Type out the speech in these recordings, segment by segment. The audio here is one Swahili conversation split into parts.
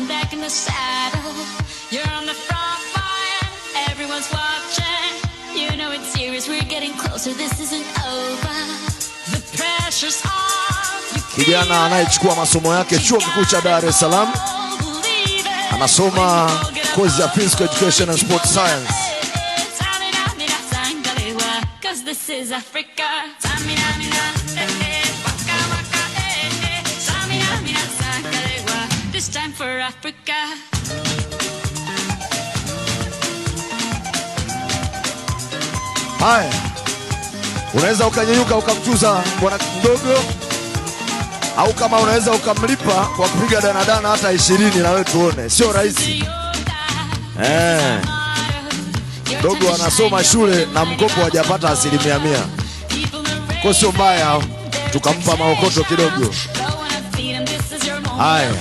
I'm back in the saddle. You're on the front line, everyone's watching. You know it's serious, we're getting closer, this isn't over. The pressure's on. Kijana anayechukua masomo yake chuo kikuu cha Dar es Salaam anasoma ya physical education and sports science. Cause this is Africa. Haya, unaweza ukanyeyuka ukamchuza bwana mdogo, au kama unaweza ukamlipa kwa kupiga danadana hata ishirini, na wewe tuone, sio rahisi eh. Mdogo anasoma shule na mkopo hajapata asilimia mia, ko sio mbaya, tukampa maokoto kidogo. Haya.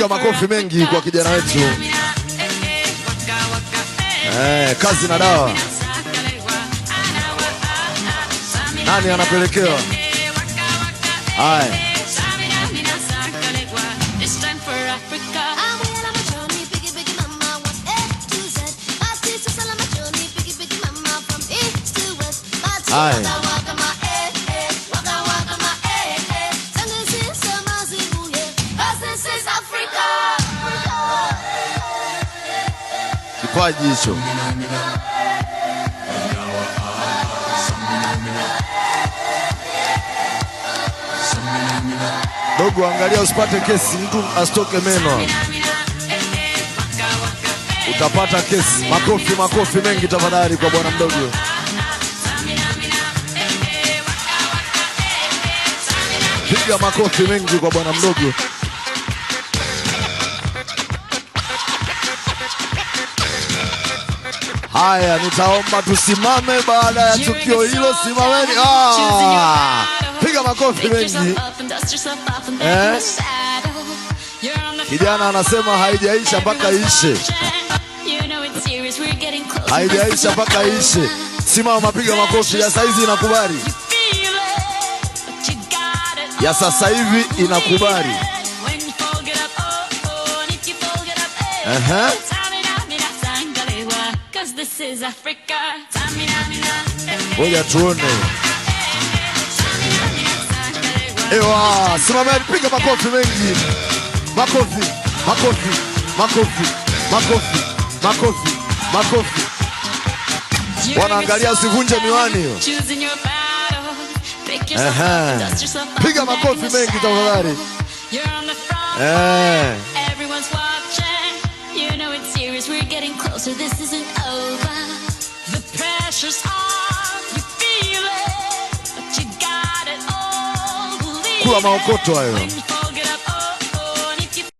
piga makofi mengi kwa kijana wetu eh, kazi na dawa. Nani anapelekewa? Haya. Haya. kipaji hicho. Dogo, angalia usipate kesi, mtu asitoke meno, utapata kesi. Makofi, makofi mengi tafadhali kwa bwana mdogo. Piga makofi mengi kwa bwana mdogo. Haya, nitaomba tusimame baada ya tukio hilo. Simameni, ah, piga makofi mengi. Eh, kijana anasema haijaisha mpaka ishe, haijaisha mpaka ishe. Simama, piga makofi ya saizi inakubali, ya sasa hivi inakubali. Oh, oh, Aha this is Africa. Ngoja tuone. Ewa, simama piga makofi mengi. Makofi, makofi, makofi, makofi, makofi, makofi. Wanaangalia usivunje miwani hiyo. Piga makofi mengi tafadhali. Eh. tears, we're getting closer, this isn't over. The pressure's on, you feel it, but you got it all. Believe maokoto hayo.